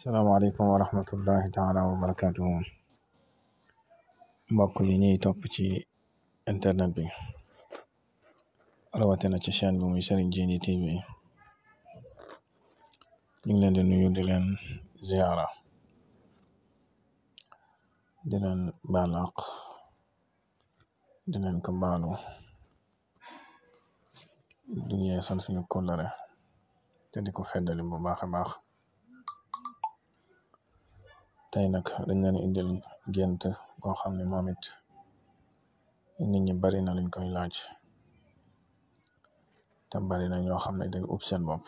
salaamaaleykum wa rahmatullahi taala wa barakatuhu mbokk yi ñuy topp ci internet bi rawatina ci chaîne bi muy Serigne Djily TV ñu ngi leen di nuyu di leen ziara di leen baalaq di leen ko baalu du ñee san suñu kóllare te di ko feddali bu baax a baax tey nag dañ leen indil gént goo xam ne moom it nit ñi bari na luñ koy laaj te bari na ñoo xam ne day ub seen bopp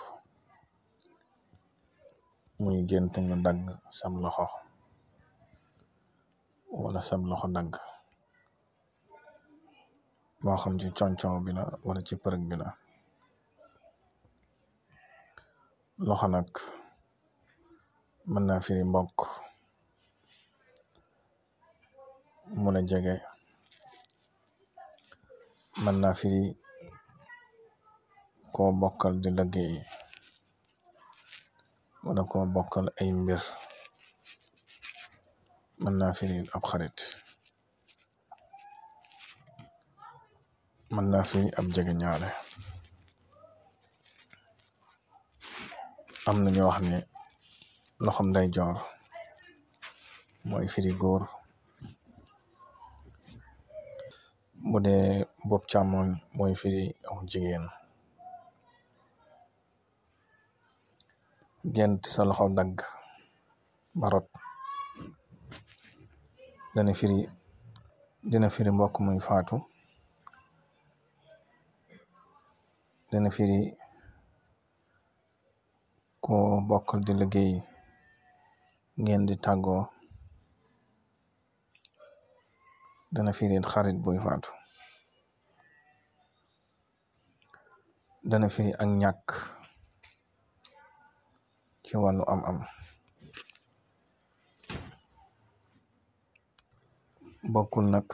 muy gént ñu dagg sem loxo wala sam loxo dagg moo xam ci concon bi wala ci përëg bi loxo nag mën naa firi mbokk mun a jege mën na firi ko bokkal di lëggéey wala ko bokkal ay mbir mën na firi ab xarit mën na firi ab jegeñaale am na ñoo xam ne loxom ndeyjoor mooy firi góor. bu de bopp càmmoñ mooy firi aw jigéen gent sa loxo dagg barot dana firi dina firi mbokk muy faatu dana firi ko bokkal di liggéey geen di tàggoo dana firi xarit buy faatu dana firi ak ñàkk ci wàllu am-am bokkul nag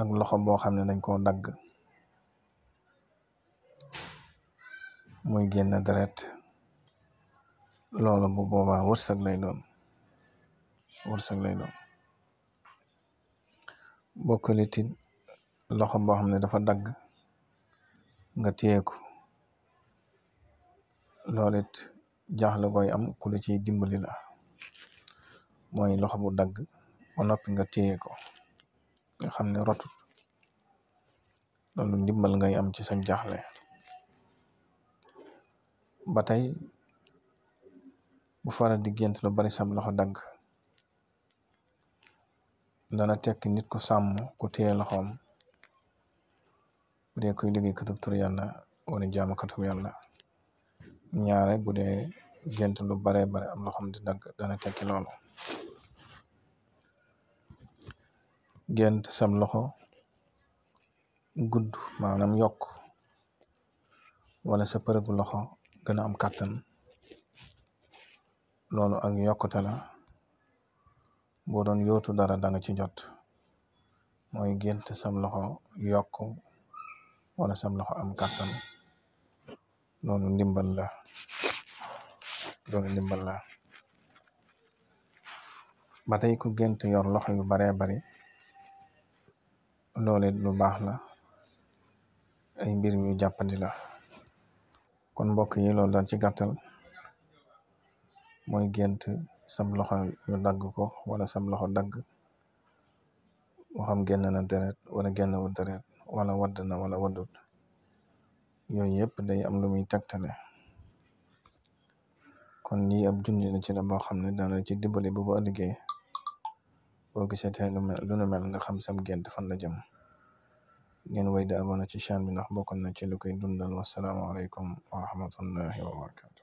ak loxo boo xam ne dañ koo dagg muy génn deret loolu bu boobaa wërsëg lay doon wërsëg lay doon bokkalitit loxo boo xam ne dafa dagg nga téyeku loolit jaaxle gooy am ku ci dimbali la mooy loxo bu dagg ba noppi nga téye ko nga xam ne rotut loolu dimbal nga am ci sa jaxle ba tey bu faral di gént lu bari sam loxo dagg dana tekki nit ku sàmm ku téye loxoom bu dee kuy liggéey katub tur yàlla wala jaamu katub yàlla ñaare bu dee gént lu baree bare am loxoom di dagg dana tekki loolu gént sam loxo gudd maanaam yokk wala sa përëgu loxo gën a am kàttan loolu ak yokkute la boo doon yootu dara danga ci jot mooy gént sam loxo yokk wala sam loxo am kàttan loolu ndimbal la loolu ndimbal la ba tey ku gént yor loxo yu baree bari loolu lu baax la ay mbir yu jàppandi la kon mbokk yi loolu daal ci gàttal mooy gént sam loxo ñu dagg ko wala sam loxo dagg moo xam génn na deret wala génnwul deret wala wadd na wala waddut yooyu yëpp day am lu muy tegtale kon lii ab junj la ci a boo xam ne dana ci dimbali bu ba ëllëgee boo gisee tey lu mel mel nga xam sam gént fan la jëm ngeen way di abonné ci chaîne bi ndax bokkoon na ci lu koy dundal wasalaamaaleykum wa rahmatullahi wa barakatu